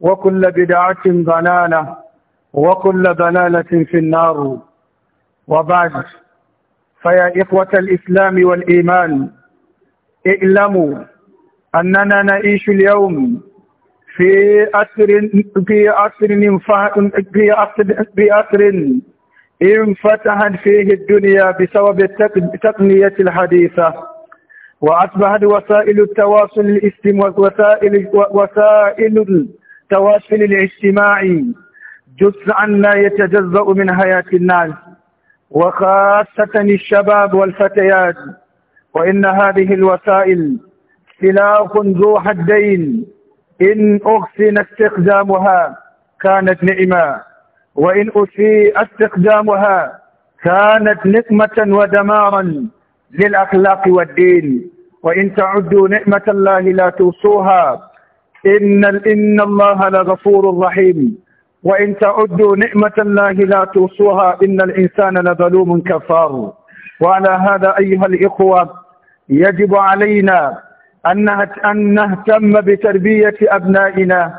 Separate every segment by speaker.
Speaker 1: وكل بدعة ضلالة وكل ضلالة في النار وبعد فيا إخوة الإسلام والإيمان اعلموا أننا نعيش اليوم في أسر في أسر في أسر في أسر انفتحت فيه الدنيا بسبب التقنية الحديثة وأصبحت وسائل التواصل الاجتماعي وسائل وسائل التواصل الاجتماعي جزءا لا يتجزأ من حياة الناس وخاصة الشباب والفتيات وإن هذه الوسائل سلاح ذو حدين إن أحسن استخدامها كانت نعمة وإن أسيء استخدامها كانت نقمة ودمارا للأخلاق والدين وإن تعدوا نعمة الله لا توصوها إن, إن الله لغفور رحيم وإن تعدوا نعمة الله لا توصوها إن الإنسان لظلوم كفار وعلى هذا أيها الإخوة يجب علينا أن نهتم بتربية أبنائنا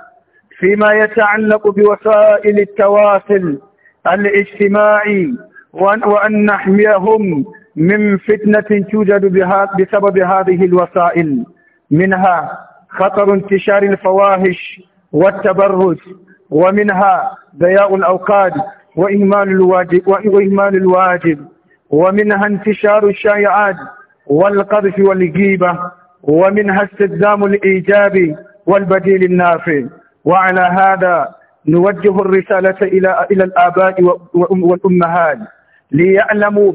Speaker 1: فيما يتعلق بوسائل التواصل الاجتماعي وأن نحميهم من فتنة توجد بسبب هذه الوسائل منها خطر انتشار الفواهش والتبرج ومنها ضياء الأوقات وإهمال الواجب, وإهمال الواجب ومنها انتشار الشائعات والقذف والجيبة ومنها استخدام الإيجاب والبديل النافع وعلى هذا نوجه الرسالة إلى إلى الآباء والأمهات ليعلموا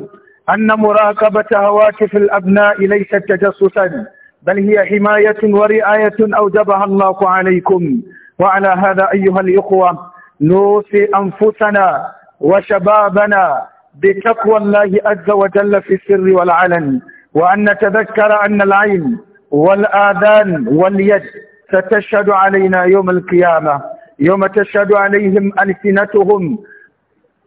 Speaker 1: أن مراقبة هواتف الأبناء ليست تجسسا بل هي حماية ورعاية أوجبها الله عليكم وعلى هذا أيها الإخوة نوصي أنفسنا وشبابنا بتقوى الله عز وجل في السر والعلن وأن نتذكر أن العين والآذان واليد ستشهد علينا يوم القيامة يوم تشهد عليهم ألسنتهم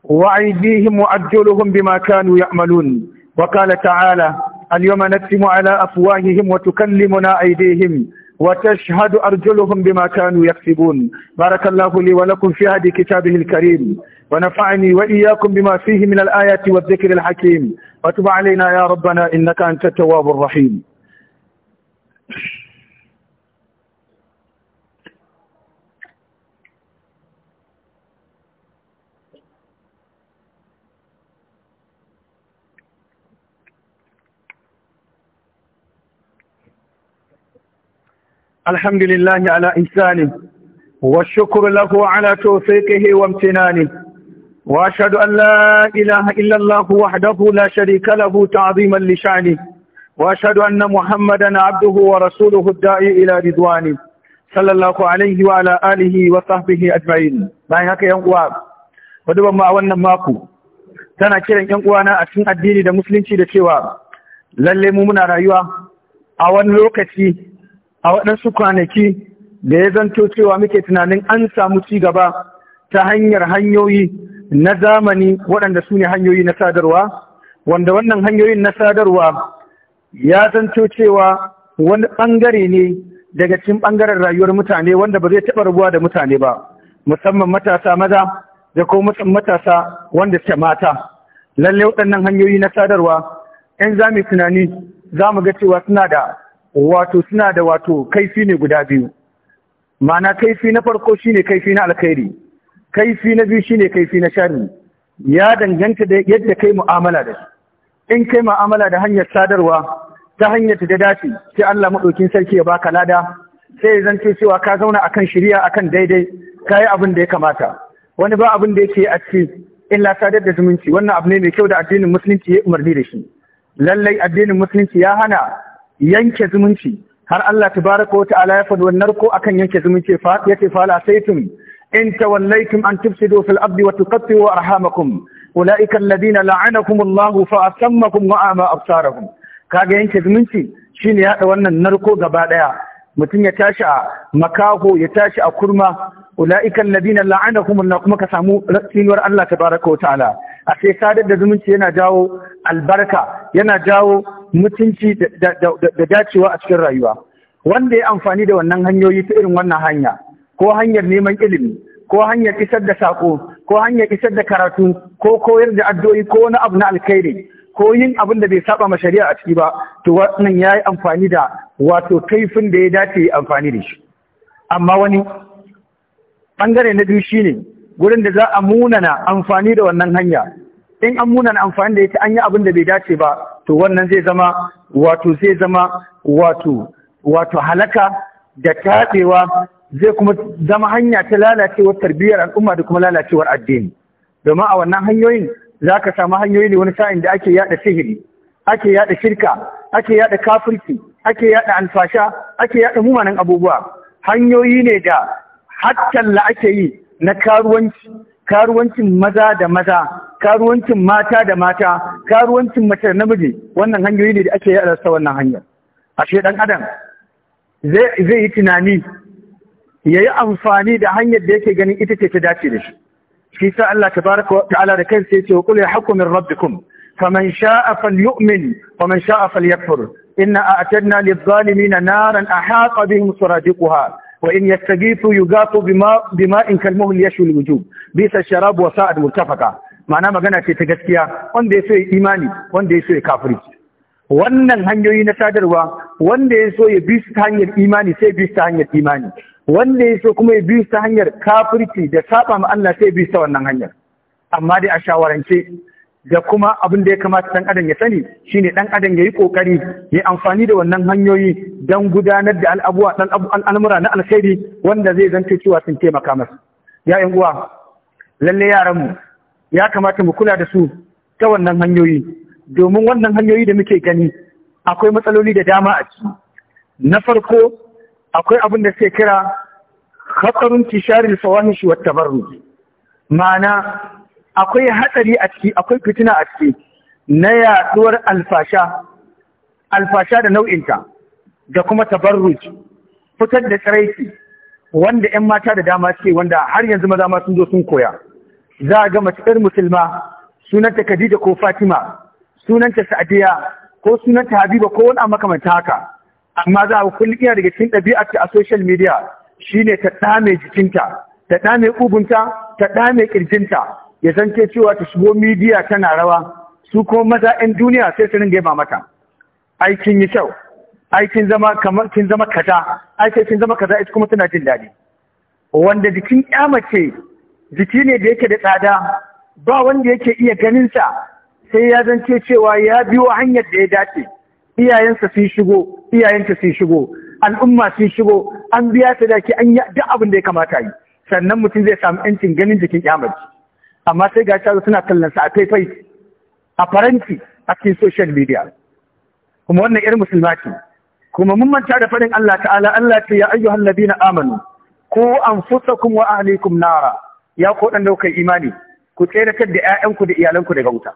Speaker 1: وأيديهم وأرجلهم بما كانوا يعملون وقال تعالى اليوم نكتم على أفواههم وتكلمنا أيديهم وتشهد أرجلهم بما كانوا يكسبون بارك الله لي ولكم في هذه كتابه الكريم ونفعني وإياكم بما فيه من الآيات والذكر الحكيم وتب علينا يا ربنا إنك أنت التواب الرحيم الحمد لله على إنسانه والشكر له على توفيقه وامتنانه وأشهد أن لا إله إلا الله وحده لا شريك له تعظيما لشانه وأشهد أن محمدا عبده ورسوله الداعي إلى رضوانه صلى الله عليه وعلى آله وصحبه أجمعين باي هكا ينقوا ودبا ما أولنا ماكو tana kiran ‘yan uwana a cikin addini da musulunci da cewa lalle mu muna rayuwa a wani lokaci a waɗansu kwanaki da ya zanto cewa muke tunanin an samu ci gaba ta hanyar hanyoyi na zamani waɗanda su ne hanyoyi na sadarwa wanda wannan hanyoyin na sadarwa ya zanto cewa wani ɓangare ne daga cikin ɓangaren rayuwar mutane wanda ba zai taɓa rabuwa da mutane ba musamman matasa maza da kuma matasa wanda ce mata Lallai waɗannan hanyoyi na sadarwa in za mu tunani za mu ga cewa suna da wato suna da wato kaifi ne guda biyu mana kaifi na farko shine kaifi na alkhairi kaifi na biyu shine kaifi na sharri ya danganta da yadda kai mu'amala da shi in kai mu'amala da hanyar sadarwa ta hanyar da dace sai Allah madaukin sarki ya baka lada sai ya zance cewa ka zauna akan shari'a akan daidai kai abin da ya kamata wani ba abin da yake a cikin illa sadar da zumunci wannan abu ne mai kyau da addinin musulunci ya umarni da shi lallai addinin musulunci ya hana yanke zumunci har Allah tabaraka wa ta'ala ya faɗi wannan ko akan yanke zumunci fa yace fa la saytum in tawallaytum an tufsidu fil ardi wa tuqatti'u arhamakum ulaika alladhina la'anakum Allah fa asammakum wa ama absarakum kaga yanke zumunci shine yaɗa wannan narko gaba ɗaya. mutum ya tashi a makaho ya tashi a kurma ulaika alladhina la'anakum kuma ka samu tsinuwar Allah tabaraka wa ta'ala a sai sadar da zumunci yana jawo albarka yana jawo mutunci da dacewa a cikin rayuwa wanda ya amfani da wannan hanyoyi ta irin wannan hanya ko hanyar neman ilimi ko hanyar isar da sako ko hanyar isar da karatu ko koyar da addu'o'i ko wani abu na alkhairi ko yin abin da bai saba ma shari'a a ciki ba to wannan ya yi amfani da wato kaifin da ya dace ya amfani da shi amma wani ɓangare na biyu shine gurin da za a munana amfani da wannan hanya in an munan amfani da ita an yi abin da bai dace ba to wannan zai zama wato zai zama wato wato halaka da tatsewa zai kuma zama hanya ta lalacewar tarbiyyar al'umma da kuma lalacewar addini domin a wannan hanyoyin za ka samu hanyoyi ne wani sa'in da ake yada sihiri ake yada shirka ake yada kafirci ake yada alfasha ake yada mumanan abubuwa hanyoyi ne da hattalla ake yi na karuwanci karuwancin maza da maza karuwancin mata da mata karuwancin mace da namiji wannan hanyoyi ne da ake yi wannan hanyar ashe dan adam zai yi tunani ya yi amfani da hanyar da yake ganin ita ce ta dace da shi shi sa Allah tabaraka wa ta'ala da kansa yace wa qul haqqu min rabbikum faman sha'a falyu'min wa man sha'a falyakfur inna a'tadna lidh-dhalimina naran ahata bihim suradiquha وإن يستغيثوا يغاثوا بماء بماء كالمهل يشوي الوجوب بئس الشراب وساءت مرتفقا ma'ana magana ce ta gaskiya wanda ya so ya imani wanda ya so ya wannan hanyoyi na sadarwa wanda ya so ya bi su ta hanyar imani sai bi su ta hanyar imani wanda ya so kuma ya bi su ta hanyar kafirci da saba ma Allah sai bi su ta wannan hanyar amma dai a shawarance da kuma abin da ya kamata ɗan adam ya sani shine ɗan adam ya yi ƙoƙari ya amfani da wannan hanyoyi don gudanar da al'abuwa ɗan al'amura na alkhairi wanda zai zanta cewa sun taimaka masa Ya'yan uwa lalle yaranmu ya kamata mu kula da su ta wannan hanyoyi domin wannan hanyoyi da muke gani akwai matsaloli da dama a ciki na farko akwai abin da suke kira khatarun tisharil fawahish wat tabarruj ma'ana akwai hatsari a ciki akwai fitina a ciki na yaduwar alfasha alfasha da nau'inta da kuma tabarruj fitar da tsiraiki wanda 'yan mata da dama ce wanda har yanzu maza ma sun zo sun koya za a ga mace musulma sunanta Khadija ko Fatima sunanta Sa'diya ko sunanta Habiba ko wani makamanta haka amma za a kulli daga cikin ɗabi'arta a social media shine ta dame jikinta ta dame ƙugunta ta dame kirjinta ya san ce cewa ta shigo midiya tana rawa su kuma maza 'yan duniya sai su ringa yaba mata aikin yi kyau aikin zama kamar kin zama kaza aikin kin zama kaza ita kuma tana jin daɗi wanda jikin ya mace jiki ne da yake da tsada ba wanda yake iya ganin sa sai ya zance cewa ya biyo hanyar da ya dace iyayensa sun shigo iyayenta sun shigo al'umma sun shigo an biya sadaki an yi duk abin da ya kamata yi sannan mutum zai samu 'yancin ganin jikin ya mace amma sai ga shi suna kallon sa a faifai a faranti a cikin social media kuma wannan irin musulma ce kuma mun manta da faɗin Allah ta'ala Allah ce ya ayyuhal ladina amanu ku anfusakum wa ahlikum nara ya ku dan dauka imani ku tsere da ku da iyalanku daga wuta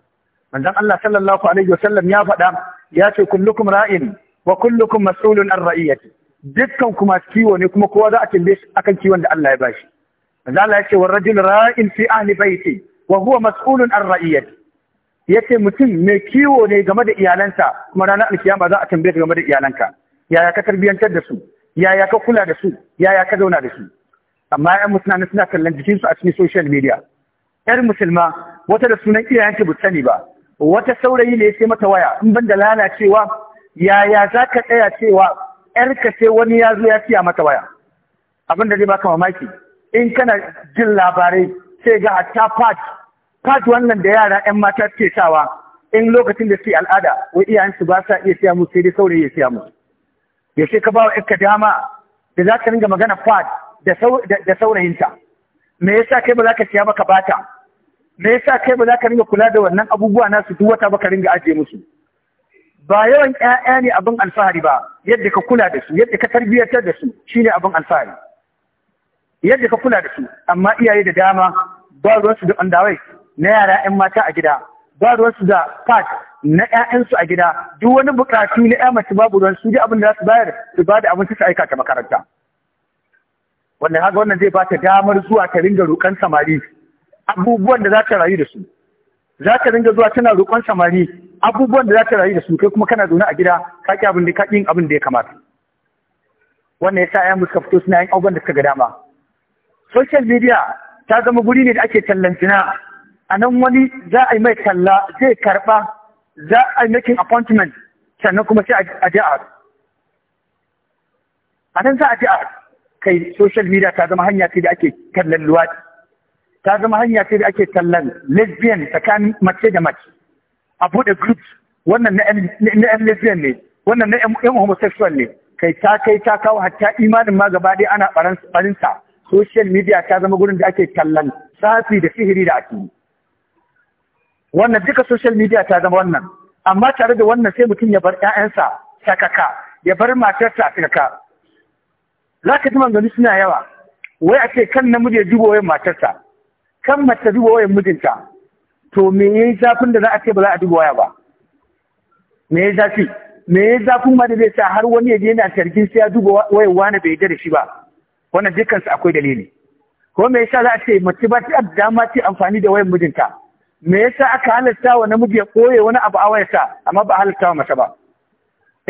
Speaker 1: manzon Allah sallallahu alaihi wasallam ya faɗa ya ce kullukum ra'in wa kullukum mas'ulun ar ra'iyati dukkan kuma kiwo ne kuma kowa za a tambaye shi akan kiwon da Allah ya bashi Allah ya ce wa rajul ra'in fi ahli baiti wa huwa mas'ulun an ra'iyati yace mutum mai kiwo ne game da iyalanta, kuma ranar alkiyama za a tambaye game da iyalanka yaya ka tarbiyantar da su yaya ka kula da su yaya ka zauna da su amma 'yan musulmani suna kallon jikinsu a cikin social media Yar musulma wata da sunan iyayenta ba sani ba wata saurayi ne ya mata waya in ban da lalacewa yaya za ka tsaya cewa ka sai wani ya zo ya siya mata waya abin da zai baka mamaki in kana jin labarai sai ga hatta pat pat wannan da yara yan mata ke sawa in lokacin da suke al'ada wai iyayensu ba sa iya siya mu sai dai saurayi ya siya mu ce ka ba wa ƴarka dama da za ka ringa magana pat da saurayinta me yasa kai ba za ka siya ba ka bata me yasa kai ba za ka ringa kula da wannan abubuwa nasu duk wata ba ka ringa ajiye musu ba yawan ƴaƴa ne abin alfahari ba yadda ka kula da su yadda ka tarbiyyatar da su shine abin alfahari yadda ka kula da su amma iyaye da dama ba ruwansu da ɓandawai na yara 'yan mata a gida ba ruwansu da pat na 'ya'yansu a gida duk wani bukatu na 'ya mace babu ruwan su ji abin da za su bayar su ba da abinci su aika ta makaranta wannan haka wannan zai ba ta damar zuwa ta ringa roƙon samari abubuwan da za ta rayu da su za ta ringa zuwa tana roƙon samari abubuwan da za ta rayu da su kai kuma kana zaune a gida ka ki abin da ka yin abin da ya kamata wannan sa ayyan suka fito suna yin abubuwan da suka ga dama social media ta zama guri ne da ake tallantina a nan wani za a yi mai talla zai karɓa za a yi making appointment sannan kuma sai a je a a nan za a je a kai social media ta zama hanya ce da ake tallan luwaɗi ta zama hanya ce da ake tallan lesbian tsakanin mace da mace a buɗe group wannan na yan lesbian ne wannan na yan homosexual ne kai ta kai ta kawo hatta imanin ma gaba ɗaya ana ɓarinsa social media ta zama gurin da ake kallon tsafi da sihiri da ake wannan duka social media ta zama wannan amma tare da wannan sai mutum ya bar 'ya'yansa sakaka ya bar matarsa sakaka za ka ji manzanni suna yawa wai a ce kan namiji ya duba wayan matarsa kan mace duba wayan mijinta to me yi zafin da za a ce ba za a duba waya ba me yi zafi me yi zafin ma da zai sa har wani ya je yana sarkin sai ya duba wayan wani bai yarda da shi ba wannan dukansu akwai dalili ko me yasa za a ce mace ba ta dama ce amfani da wayar mijinta me yasa aka halarta wa namiji ya koye wani abu a wayarsa amma ba halarta wa mace ba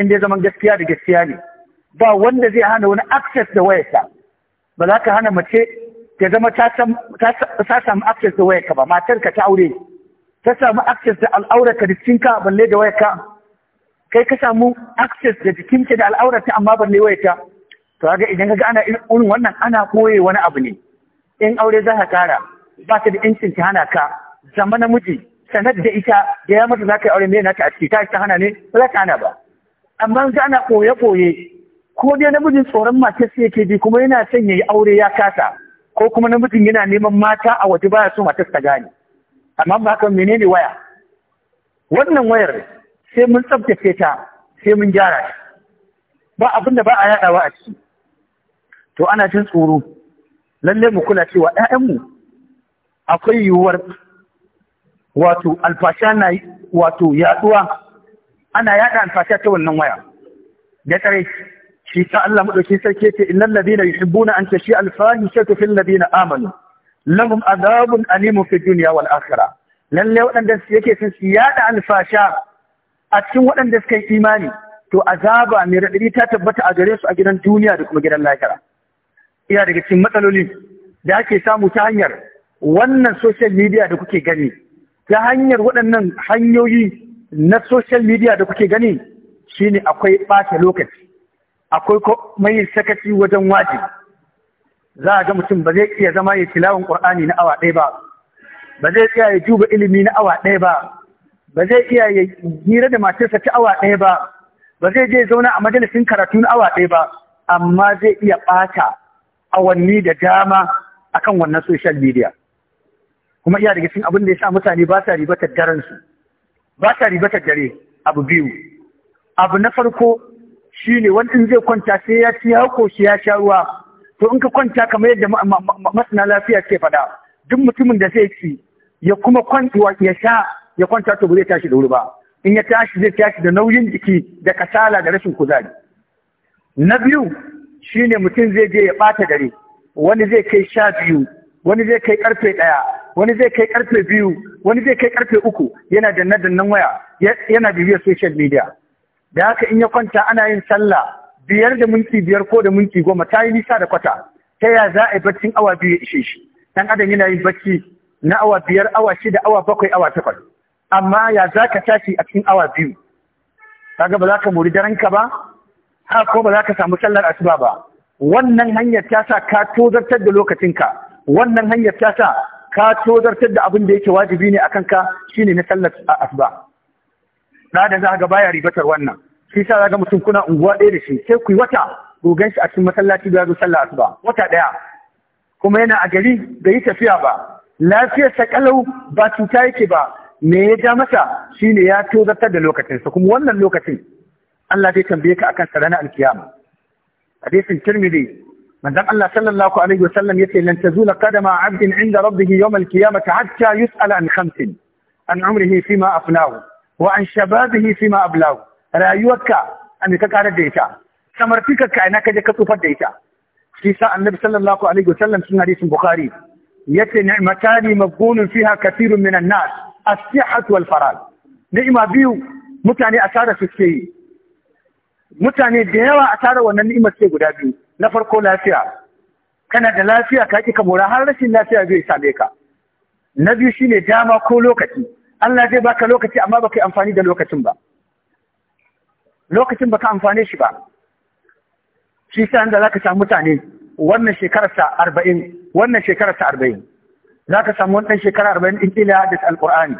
Speaker 1: in dai zaman gaskiya da gaskiya ne ba wanda zai hana wani access da wayarsa ba za ka hana mace ta zama ta samu access da wayarka ba matarka ta aure ta samu access da al'aurarka da cikinka balle da wayarka kai ka samu access da jikinka da al'aurarta amma balle wayarta to ga idan ka ana irin wannan ana koye wani abu ne in aure za ka kara ba ta da incin ta hana ka zama namiji sanar da ita da ya mata za ka yi aure mai nata a ciki ta ta hana ne ba za ta hana ba amma in ana koye-koye ko dai namijin tsoron mace sai yake bi kuma yana son ya yi aure ya kasa ko kuma namijin yana neman mata a waje baya so mata ta gane amma ba haka menene waya wannan wayar sai mun tsabtace ta sai mun gyara ba abin da ba a yadawa a ciki to ana cin tsoro lalle mu kula cewa ƴaƴanmu akwai yiwuwar wato alfasha na wato yaduwa ana yada alfasha ta wannan waya da tsare shi ta Allah madauki sarki ce innal ladina yuhibbuna an tashi alfahishatu fil ladina amanu lahum adabun alimun fid dunya wal akhirah lalle waɗanda yake sun yada alfasha a cikin waɗanda suka yi imani to azaba mai raɗaɗi ta tabbata a gare su a gidan duniya da kuma gidan lahira iya daga cikin matsaloli da ake samu ta hanyar wannan social media da kuke gani ta hanyar waɗannan hanyoyi na social media da kuke gani shine akwai ɓata lokaci akwai mai sakaci wajen waje za a ga mutum ba zai iya zama ya tilawon ƙur'ani na awa ɗaya ba ba zai iya ya juba ilimi na awa ɗaya ba ba zai iya ya hira da matarsa ta awa ɗaya ba ba zai je zauna a majalisin karatu na awa ɗaya ba amma zai iya ɓata awanni da dama akan wannan social media kuma iya daga cikin abin da ya sa mutane ba sa ribatar daren su ba sa ribatar dare abu biyu abu na farko shine wani in zai kwanta sai ya ci ya koshi ya sha ruwa to in ka kwanta kamar yadda masana lafiya ke faɗa duk mutumin da zai ci ya kuma kwantuwa ya sha ya kwanta to ba zai tashi da wuri ba in ya tashi zai tashi da nauyin jiki da kasala da rashin kuzari na biyu Shi ne mutum zai je ya ɓata dare wani zai kai sha biyu wani zai kai ƙarfe ɗaya wani zai kai ƙarfe biyu wani zai kai ƙarfe uku yana danna dannan waya yana bibiyar social media da haka in ya kwanta ana yin sallah biyar da minti biyar ko da minti goma ta yi nisa da kwata ta ya za a yi baccin awa biyu ya ishe shi Ɗan adam yana yin bacci na awa biyar awa shida awa bakwai awa takwas amma ya za ka tashi a cikin awa biyu kaga ba za ka mori daren ka ba ha ko ba za ka samu sallar asuba ba wannan hanyar ta sa ka tozartar da lokacinka wannan hanyar ta sa ka tozartar da abin da yake wajibi ne akan ka shine na sallar asuba da da za ga baya ribatar wannan shi sa za ga mutum kuna unguwa ɗaya da shi sai ku yi wata gogan shi a cikin masallaci da zo sallar asuba wata ɗaya kuma yana a gari da yi tafiya ba lafiyar sa kalau ba cuta yake ba me ya ja masa shine ya tozartar da lokacinsa kuma wannan lokacin Allah zai tambaye ka akan sarana alkiyama hadisin tirmidhi manzon Allah sallallahu alaihi wasallam yace lan tazula qadama 'abdin 'inda rabbih yawm alqiyamati hatta yus'ala an khamsin an umrihi fima afnahu wa an shababihi fima ablahu rayuwarka an ka karar da ita samartika ka ina kaje ka tsufar da ita shi sa annabi sallallahu alaihi wasallam sun hadisin bukhari yace ni'matani mabghunun fiha kathirun minan nas as-sihhatu wal farag ni'ma biyu mutane asara suke yi mutane da yawa a tara wannan ni'imar ce guda biyu na farko lafiya kana da lafiya ka kika mora har rashin lafiya zai same ka na biyu shine dama ko lokaci Allah zai baka lokaci amma baka yi amfani da lokacin ba lokacin baka amfane shi ba shi sa inda zaka samu mutane wannan shekarar ta arba'in wannan shekarar ta arba'in zaka samu wannan shekara arba'in in kila ya da alqur'ani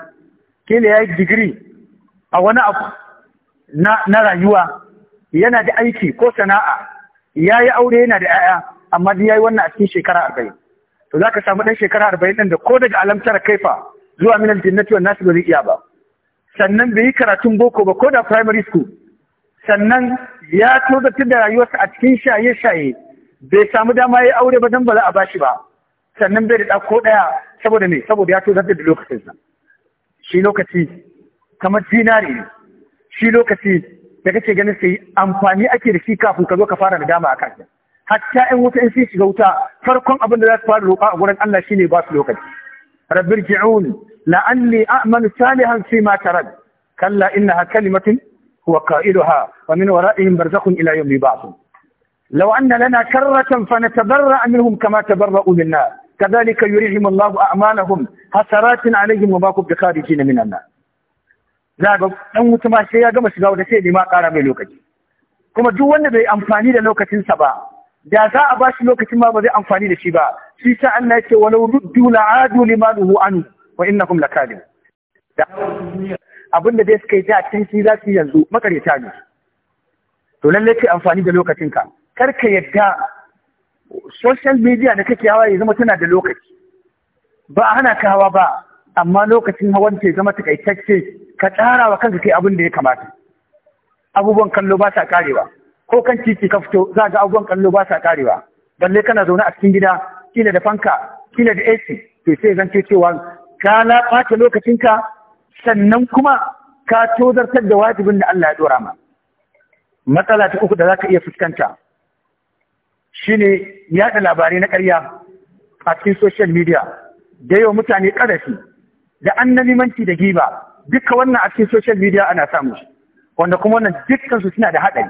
Speaker 1: kila yayi digiri a wani abu na rayuwa yana da aiki ko sana'a ya yi aure yana da 'ya'ya amma duk ya yi wannan a cikin shekara arba'in to za ka samu ɗan shekara arba'in ɗin da ko daga alamtar kaifa zuwa minal jinnati wannan su ba zai iya ba sannan bai yi karatun boko ba ko da primary school sannan ya tozartar da rayuwarsa a cikin shaye-shaye bai samu dama ya yi aure ba don ba za a bashi ba sannan bai da ko ɗaya saboda me saboda ya tozartar da lokacinsa shi lokaci kamar zinari ne shi lokaci da kake ganin sai amfani ake da shi kafin ka zo ka fara nadama a kansa hatta in wuta in sai shiga wuta farkon abin da za su fara roƙa a gurin Allah shine ba su lokaci rabbir ji'un la'alli a'manu salihan fi ma tarad kalla innaha kalimatun huwa qa'iluha wa min wara'ihim barzakhun ila yawmi ba'thun law anna lana karratan fanatabarra minhum kama tabarra'u minna kadhalika كذلك يريهم الله أعمالهم حسرات عليهم وما كنت kharijin minan nar za ga dan wuta ma sai ya gama shiga wanda sai nema ƙara mai lokaci kuma duk wanda bai amfani da lokacinsa ba da za a ba shi lokacin ma ba zai amfani da shi ba shi sa Allah yake walau ruddu adu limanuhu an wa innakum lakadim da abin da dai suka yi da can shi za su yanzu makareta ne to lallai kai amfani da lokacinka kar ka yadda social media da kake hawa ya zama tana da lokaci ba a hana ka hawa ba amma lokacin hawan ce zama takaitacce ka tsara wa kanka kai abin da ya kamata abubuwan kallo ba sa karewa ko kan titi ka fito za ga abubuwan kallo ba sa karewa balle kana zaune a cikin gida kila da fanka kila da AC to sai zan ce cewa ka lokacin ka, sannan kuma ka tozartar da wajibin da Allah ya dora ma matsala ta uku da zaka iya fuskanta shine yaɗa labarai na ƙarya a cikin social media da yau mutane karasi da annabimanci da giba duka wannan a cikin social media ana samu wanda kuma wannan dukkan su suna da haɗari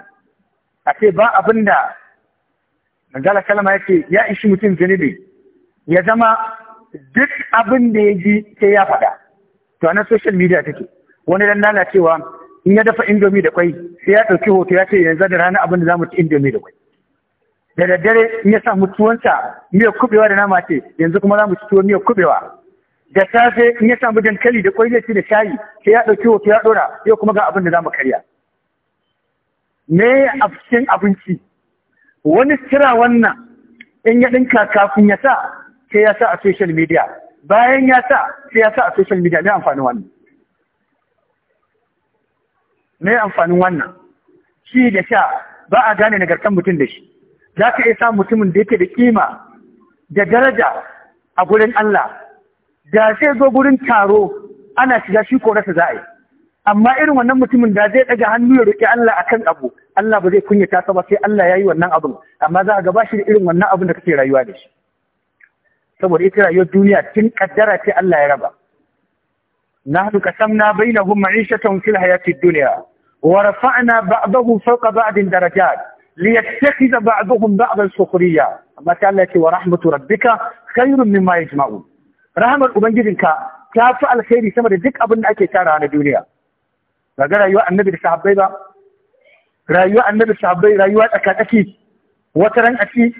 Speaker 1: a ce ba abin da manzala kalama ya ya ishi mutum zunubi ya zama duk abin da ya ji sai ya faɗa to ana social media take wani dan lalacewa in ya dafa indomi da kwai sai ya ɗauki hoto ya ce yanzu da rana abin da za mu ci indomi da kwai da daddare in ya sa mutuwansa tuwonsa miyar kubewa da nama ce yanzu kuma za mu ci tuwon miyar kubewa da safe in ya samu dankali da kwai zai ci da shayi sai ya ɗauki hoto ya ɗora yau kuma ga abin da za mu karya me a cikin abinci wani sira wannan in ya ɗinka kafin ya sa sai ya sa a social media bayan ya sa sai ya sa a social media me amfanin wannan me amfanin wannan shi da sha ba a gane nagartan mutum da shi za ka iya samun mutumin da yake da kima da daraja a gurin Allah da zai zo gurin taro ana shiga shi ko rasa za a yi amma irin wannan mutumin da zai daga hannu ya roki Allah akan abu Allah ba zai kunyata sa ba sai Allah yayi wannan abu amma za a gaba da irin wannan abu da kake rayuwa da shi saboda ita rayuwar duniya tun kaddara ce Allah ya raba nahnu qasamna bainahum ma'ishatan fil hayatid dunya wa rafa'na ba'dahu fawqa ba'din darajat liyattakhidha ba'dahum ba'dan sukhriya amma ta Allah ce wa rahmatu rabbika khairun mimma yajma'un rahamar ubangijinka ta fi alkhairi sama da duk abin da ake tara na duniya ba ga rayuwa annabi da sahabbai ba rayuwa annabi sahabbai rayuwa tsakatsaki wata ran a ci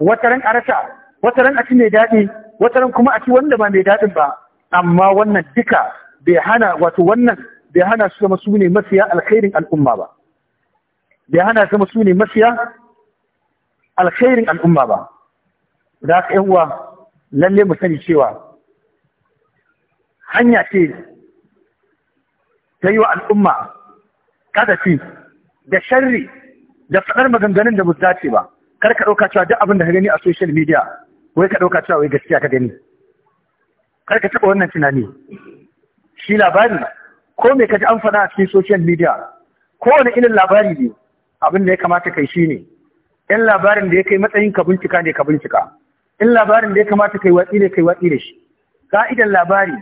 Speaker 1: wata ran a rasa wata ran a ci mai daɗi wata ran kuma a ci wanda ba mai daɗin ba amma wannan duka bai hana wato wannan bai hana su zama su ne mafiya alkhairin al'umma ba bai hana su zama su ne mafiya alkhairin al'umma ba da haka yan uwa lalle mu sani cewa hanya ce ta yi wa al'umma kadafi da shari da faɗar maganganun da ba dace ba kar ka ɗauka cewa duk abin da ka gani a social media wai ka ɗauka cewa wai gaskiya ka gani kar ka taɓa wannan tunani shi labari ko mai ka ji an faɗa a cikin social media kowane irin labari ne abin da ya kamata kai shi ne in labarin da ya kai matsayin ka bincika ne ka bincika in labarin da ya kamata kai watsi ne kai watsi da shi ka'idan labari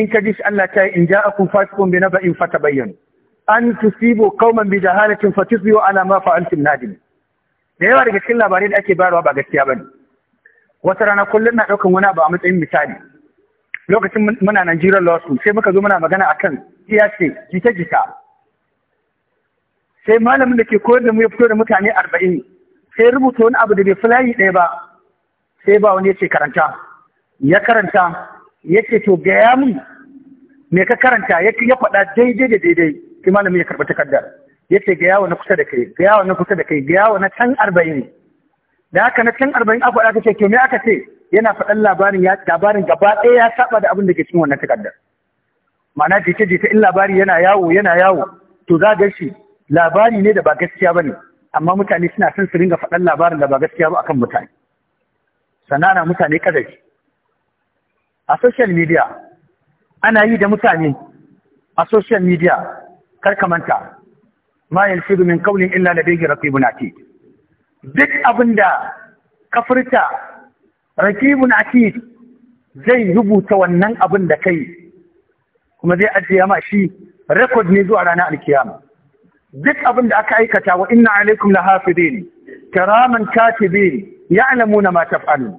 Speaker 1: in ka ji shi Allah ta yi in ja a ja'akum fasiqun bi fata bayyan. an tusibu qauman bi jahalatin fatusbihu ala ma fa'altum nadim da yawa daga cikin labarai da ake bayarwa ba gaskiya ba ne? wata rana kullum na ɗaukan wani abu a matsayin misali lokacin muna Najeriya law sai muka zo muna magana akan kiyace jita jita sai malamin da ke koyar da mu ya fito da mutane arba'in sai rubuta wani abu da bai fulayi ɗaya ba sai ba wani ya ce karanta ya karanta yace to gaya mun me ka karanta yake ya faɗa daidai da daidai sai malamin ya karɓi takardar yace gaya wa na kusa da kai gaya wa na kusa da kai gaya wa na can arba'in da haka na can arba'in aka faɗa kace to me aka ce yana faɗan labarin ya labarin gaba ɗaya ya saba da abin da ke cikin wannan takardar ma'ana jita jita in labari yana yawo yana yawo to za ga shi labari ne da ba gaskiya bane amma mutane suna son su ringa faɗan labarin da ba gaskiya ba akan mutane sanana mutane kadari a social media ana yi da mutane a social media kar ka manta ma yalfidu min qawlin illa ladayhi raqibun atid duk abinda ka furta raqibun atid zai rubuta wannan abin da kai kuma zai ajiye ma shi record ne zuwa ranar alkiyama duk abin da aka aikata wa inna alaikum lahafidin kiraman katibin na ma taf'alun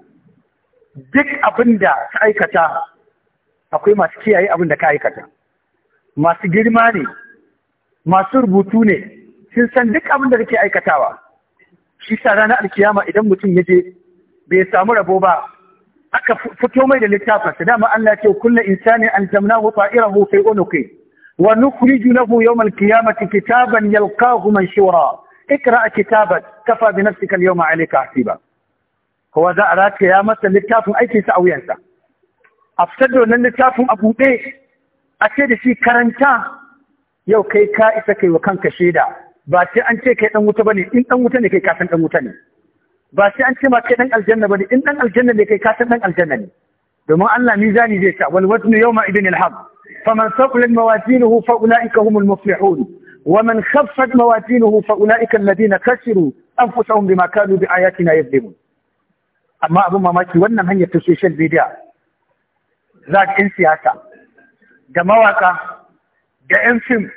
Speaker 1: duk abin da ka aikata akwai masu kiyaye abin da ka aikata masu girma ne masu rubutu ne sun san duk abin da kake aikatawa shi sa ranar alkiyama idan mutum ya je bai samu rabo ba aka fito mai da littafin sa dama Allah ce kullu insani aljamnahu ta'irahu fi unuki wa lahu yawm alqiyamati kitaban yalqahu manshura ba kafa bi nafsika alyawma alayka ba. هو ذا أراك يا مثلا لتكافم أي شيء سأويه أنت أفسدوا أن لتكافم أبو بي أشهد في كرنتا يو كي كائسة كي وكان كشيدا باسي أنت كي تنغتبني إن تنغتني كي كاسم تنغتني باسي أنت ما كي تنغ الجنة بني إن تنغ الجنة لكي كاسم تنغ الجنة دماء الله ميزاني جيسا والوزن يوم إذن الحظ فمن ثقل موازينه فأولئك هم المفلحون ومن خفت موازينه فأولئك الذين كسروا أنفسهم بما كانوا بآياتنا يظلمون amma abin mamaki wannan hanyar ta social media za ka 'yan siyasa da mawaka da 'yan fim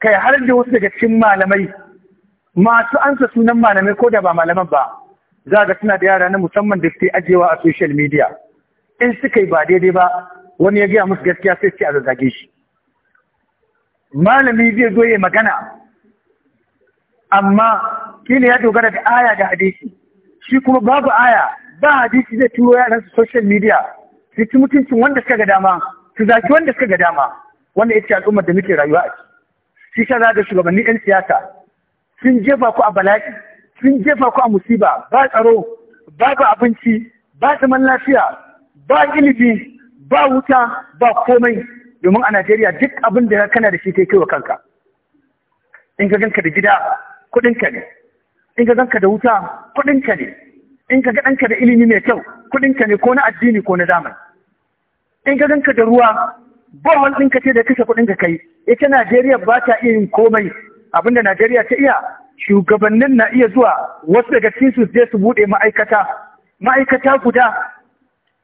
Speaker 1: kai har da wasu daga cikin malamai masu ansa sunan malamai ko da ba malaman ba za ga suna da yara na musamman da suke ajiyewa a social media in suka yi ba daidai ba wani ya gaya musu gaskiya sai ce a zazzage shi malami zai zo ya magana amma ne ya dogara da aya da hadisi shi kuma babu aya ba hadisi zai turo yaran su social media su ci mutuncin wanda suka ga dama su zaki wanda suka ga dama wanda ita al'ummar da muke rayuwa a ciki shi sa shugabanni 'yan siyasa sun jefa ku a bala'i sun jefa ku a musiba ba tsaro ba abinci ba zaman lafiya ba ilimi ba wuta ba komai domin a Najeriya duk abin da kana da shi kai kai wa kanka in ka ganka da gida kuɗinka ne in ka ganka da wuta kuɗinka ne in ka ɗanka da ilimi mai kyau kuɗinka ne ko na addini ko na zamani in ka ganka da ruwa bohol ka ce da kashe ka kai ita najeriya ba ta iya yin komai abinda najeriya ta iya shugabannin na iya zuwa wasu daga cikin zai su buɗe ma'aikata ma'aikata guda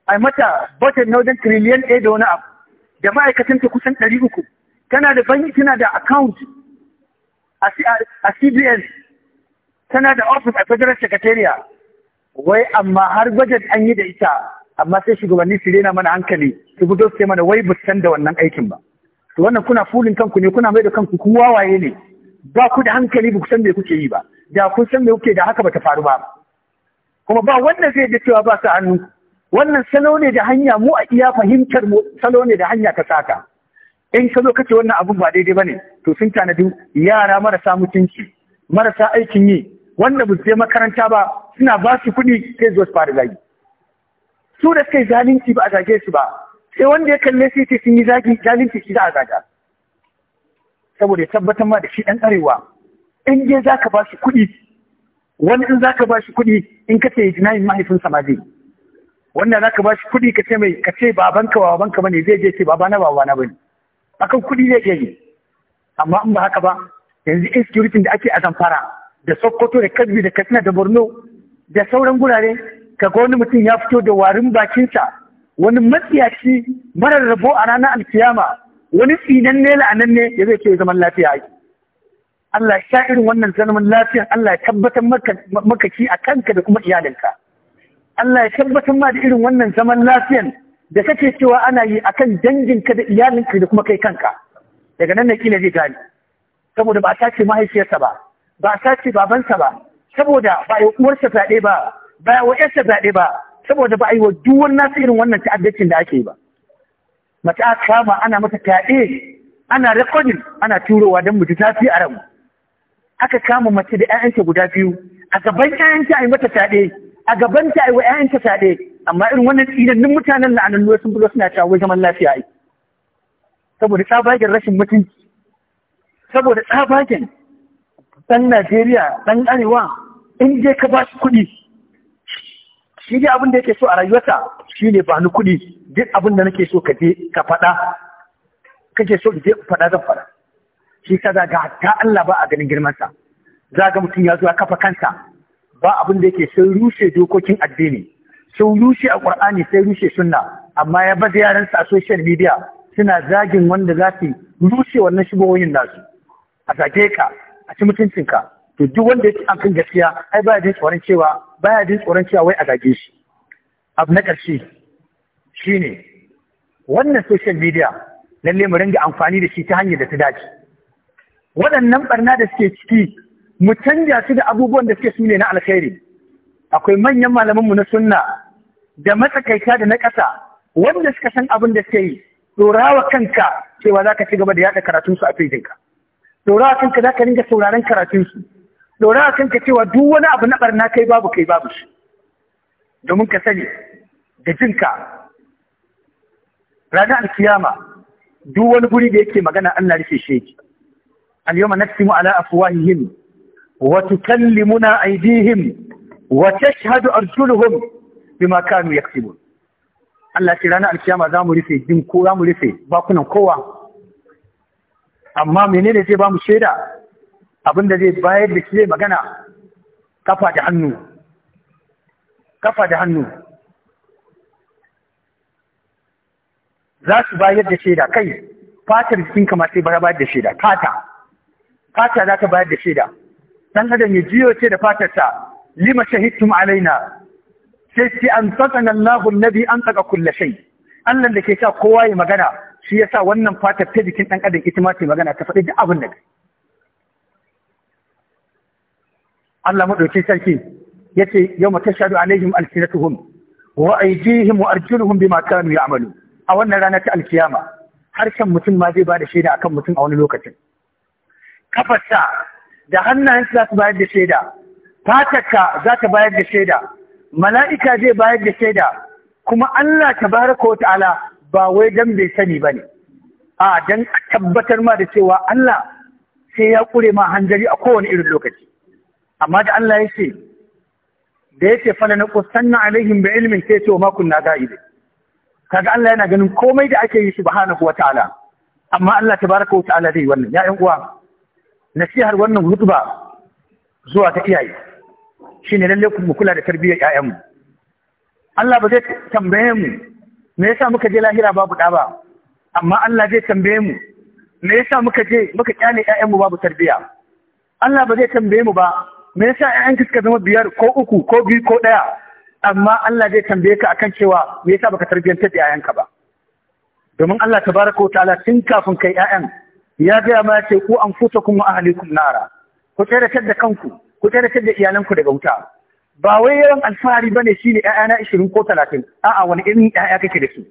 Speaker 1: a mata budget na wajen triliyan ɗaya da wani abu da ma'aikatan ta kusan ɗari uku tana da banki tana da account a cbn tana da office a federal secretariat wai amma har budget an yi da ita amma sai shugabanni su rena mana hankali su fito su mana wai bu san da wannan aikin ba to wannan kuna fulin kanku ne kuna mai da kanku ku wawaye ne ba ku da hankali ba san me kuke yi ba da kun san me kuke da haka bata faru ba kuma ba wanda zai da cewa ba su hannu wannan salo ne da hanya mu a iya fahimtar mu salo ne da hanya ta saka in ka zo ka wannan abun ba daidai ba ne. to sun tanadi yara marasa mutunci marasa aikin yi wanda ba su je makaranta ba suna ba su kuɗi sai zuwa su fara zagi su da suka yi zalunci ba a zage su ba sai wanda ya kalle su ce sun yi zagi zalunci shi za a zaga saboda ya tabbatar ma da shi ɗan arewa in je za ka ba shi kuɗi wani in za ka ba shi kuɗi in ka ce jinayin mahaifinsa ma zai wanda za ka ba shi kuɗi ka ce mai ka ce babanka wa babanka ba ne zai je ce babana ba na ba ne akan kuɗi zai je yi. amma in ba haka ba yanzu insecurity da ake a zamfara da sokoto da kadbi da katsina da borno da sauran gurare kaga wani mutum ya fito da warin bakinsa wani matsiyaci marar rabo a ranar alkiyama wani tsinan ne la'anan ne ya zai ce zaman lafiya ake Allah ya irin wannan zaman lafiyan Allah ya tabbatar maka ki a kanka da kuma iyalinka Allah ya tabbatar ma da irin wannan zaman lafiyan da kake cewa ana yi akan danginka da iyalinka da kuma kai kanka daga nan ne kila zai gane saboda ba a tace mahaifiyarsa ba ba sace babansa ba saboda ba a yi uwarsa fyaɗe ba ba a yi wa ba saboda ba a yi wa duwar nasu irin wannan ta'addacin da ake ba mace a kama ana mata fyaɗe ana rekodin ana turowa don mutu ta fi a ramu aka kama mace da 'ya'yanta guda biyu a gaban 'ya'yanta a yi mata fyaɗe a gaban ta yi wa 'ya'yanta fyaɗe amma irin wannan tsinannin mutanen la'anannu sun bula suna cawo zaman lafiya ai saboda tsabagen rashin mutunci saboda tsabagen ɗan Najeriya ɗan arewa in je ka ba shi kuɗi shi ne abin da yake so a rayuwarsa shi ne ba ni kuɗi duk abin da nake so ka je ka faɗa kake so je faɗa zan faɗa shi ka zaga hatta Allah ba a ganin girmansa zaga mutum ya zo ya kafa kansa ba abin da yake sun rushe dokokin addini sun rushe a ƙur'ani sai rushe sunna amma ya baza yaransa a social media suna zagin wanda za su rushe wannan shigowoyin nasu a zage ka a ci mutuncinka to duk wanda ya ci an kan gaskiya ai baya jin tsoron cewa baya jin tsoron cewa wai a gage shi abu na ƙarshe shine wannan social media lalle mu ringa amfani da shi ta hanyar da ta dace waɗannan barna da suke ciki mu canja su da abubuwan da suke su ne na alkhairi akwai manyan mu na sunna da matsakaita da na ƙasa wanda suka san abin da suke yi tsorawa kanka cewa za ka ci gaba da yaɗa karatunsu a fejinka. dora a kanka za ka ringa sauraron karatunsu dora a kanka cewa duk wani abu na barna kai babu kai babu shi domin ka sani da jinka ranar alkiyama duk wani guri da yake magana Allah rufe sheki al-yawma naqsimu ala afwahihim wa tukallimuna aydihim wa tashhadu arjuluhum bima kanu yaktubun Allah ce ranar alkiyama za mu rufe jin ko za mu rufe bakunan kowa amma menene zai ba mu shaida abin da zai bayar da shi magana kafa da hannu kafa da hannu za su bayar da shaida kai fatar jikin kama sai bayar da shaida fata fata za ta bayar da shaida dan adam ya jiyo ce da fatarsa lima shahidtum alaina sai sai an tsaka Allahu annabi an tsaka kullu shay Allah da ke sa kowa ya magana shi yasa wannan fatar ta jikin ɗan adam ita magana ta faɗi da abin da Allah madauki sarki ya ce yace yawma tashhadu alaihim alsinatuhum wa aydihim wa arjuluhum bima kanu ya'malu a wannan rana ta alkiyama harshen mutum ma zai bada shaida akan mutum a wani lokacin kafarsa da hannayensa za su bayar da shaida fatarka za ta bayar da shaida mala'ika zai bayar da shaida kuma Allah ta wa ta'ala ba wai dan bai sani ba ne a dan tabbatar ma da cewa Allah sai ya kure ma hanjari a kowane irin lokaci amma da Allah ya ce da ya ce fala na kusanna alaihim bi ilmin sai ce wa ma kunna ga'ibe kaga Allah yana ganin komai da ake yi subhanahu wataala amma Allah tabaraka wataala zai wannan ya ƴan uwa nasihar wannan hutuba zuwa ta iyaye shine lalle mu kula da tarbiyyar ƴaƴanmu Allah ba zai tambaye mu me yasa muka je lahira babu ɗaba amma Allah zai tambaye mu me yasa muka je muka kyale mu babu tarbiya Allah ba zai tambaye mu ba me yasa ka suka zama biyar ko uku ko biyu ko ɗaya amma Allah zai tambaye ka akan cewa me yasa baka tarbiyantar da 'ya'yanka ba domin Allah tabaraka ta'ala tun kafin kai ƴaƴan ya gaya ma ce ku anfusakum wa ahlikum nara ku tsere da kanku ku tsere da iyalanku daga wuta ba wai yawan alfahari ba ne shi ne ‘ya'yana ishirin ko talatin, a'a wani irin ‘ya'ya kake da su,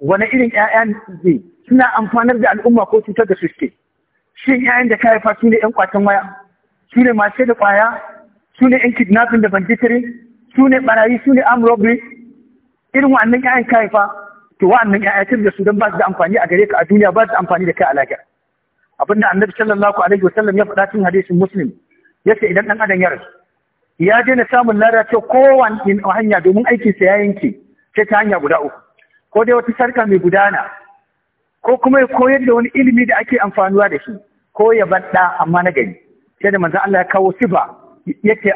Speaker 1: wani irin 'ya'yan ne suna amfanar da al'umma ko cutar da su suke. Shin ‘ya'yan da kayafa haifa su ne ‘yan kwacen waya, su ne masu da kwaya, su ne ‘yan kidnapping da banditiri, su ne barayi, su ne arm robbery, irin wa'annan ‘ya'yan kayafa? to wa'annan ‘ya'ya tir da su don ba su da amfani a gare ka a duniya ba su da amfani da kai a lahira. Abin da annabi sallallahu alaihi wa sallam ya faɗa cikin hadisin muslim yace idan ɗan adam ya rasu ya daina samun lada kowane hanya domin aikinsa ya yanke sai ta hanya guda uku ko dai wata sarka mai gudana ko kuma ya koyar da wani ilimi da ake amfanuwa da shi ko ya baɗa amma na gari sai da manzan Allah ya kawo sifa yake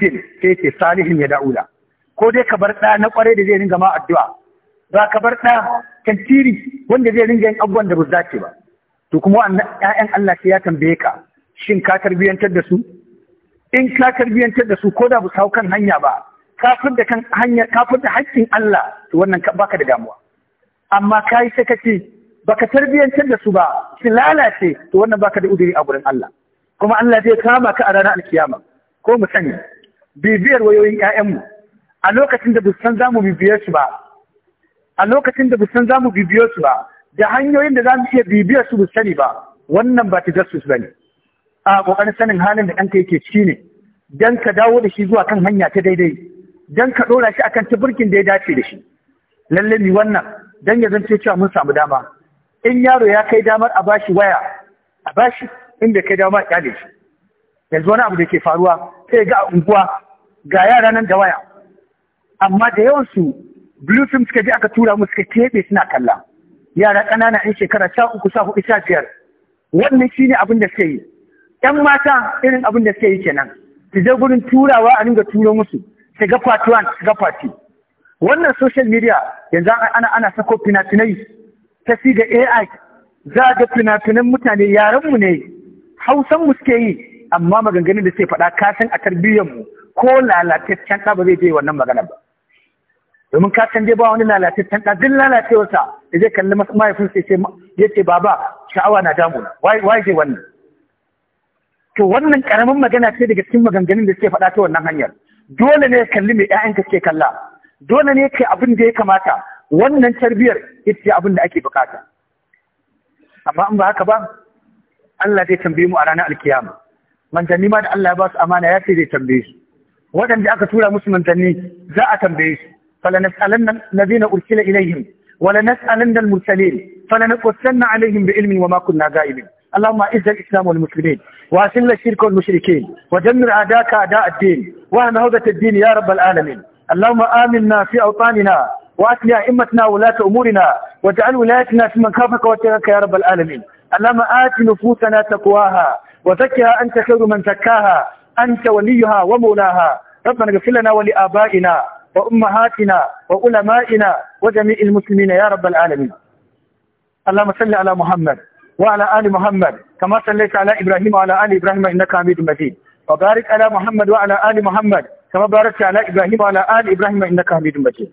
Speaker 1: din sai yake salihin ya da'ula ko dai ka bar ɗa na ƙwarai da zai ringa ma addu'a ba ka bar ɗa tantiri wanda zai ringa yin abubuwan da ba za ce ba to kuma 'ya'yan Allah sai ya tambaye ka shin ka tarbiyyantar da su in ka tarbiyyantar da su ko da ba hau kan hanya ba kafin da kan hanya kafin da haƙƙin Allah to wannan baka da damuwa amma kai sai kace baka tarbiyyantar da su ba su lalace to wannan baka da udiri a gurin Allah kuma Allah zai kama ka a ranar alkiyama ko mu sani bibiyar wayoyin ƴaƴanmu a lokacin da busan zamu bibiye su ba a lokacin da busan zamu bibiyar su ba da hanyoyin da mu iya bibiyar su busani sani ba wannan ba ta su bane a ƙoƙarin sanin halin da ɗanka yake shi ne dan ka dawo da shi zuwa kan hanya ta daidai dan ka ɗora shi akan taburkin da ya dace da shi lalle mi wannan don ya zance cewa mun samu dama in yaro ya kai damar a bashi waya a bashi in bai kai damar kyale shi yanzu wani abu da ke faruwa sai ga unguwa ga yara nan da waya amma da yawan su bluefin suka je aka tura musu suka keɓe suna kalla yara ƙanana yan shekara sha uku sha hudu sha biyar wannan shine abin da suke yi 'yan mata irin abin da suke yi kenan su je gurin turawa a ringa turo musu ga part 1 shiga part 2 wannan social media yanzu ana ana sako fina-finai ta ga AI za ga fina-finan mutane yaran mu ne hausan mu suke yi amma maganganun da suke faɗa kasan a tarbiyyar mu ko lalataccen ɗa ba zai je wannan magana ba domin ka san dai ba wani lalataccen ɗa duk lalacewarsa da zai kalli mahaifinsa ya ce baba sha'awa na damuna wai wannan to wannan karamin magana ce daga cikin maganganun da suke faɗa ta wannan hanyar dole ne kalli mai ƴaƴanka ke kalla dole ne kai abin da ya kamata wannan tarbiyar ita ce abin da ake bukata amma in ba haka ba Allah zai tambaye mu a ranar alkiyama manzanni ma da Allah ya ba su amana ya ce zai tambaye su waɗanda aka tura musu manzanni za a tambaye su fala na allazina ursila ilaihim wala nas'alanna na mursalin fala na alaihim bi ilmin wa na ga ga'ibin اللهم اعز الإسلام والمسلمين وأسل الشرك والمشركين ودمر أعداءك أعداء الدين واهم هودة الدين يا رب العالمين اللهم آمنا في أوطاننا وأثني أئمتنا ولاة أمورنا واجعل ولايتنا في من خافك واتقاك يا رب العالمين اللهم آت نفوسنا تقواها وزكها أنت خير من زكاها أنت وليها ومولاها ربنا اغفر لنا ولآبائنا وأمهاتنا وعلمائنا وجميع المسلمين يا رب العالمين اللهم صل على محمد وعلى آل محمد كما صليت على إبراهيم وعلى آل إبراهيم إنك حميد مجيد وبارك على محمد وعلى آل محمد كما باركت على إبراهيم وعلى آل إبراهيم إنك حميد مجيد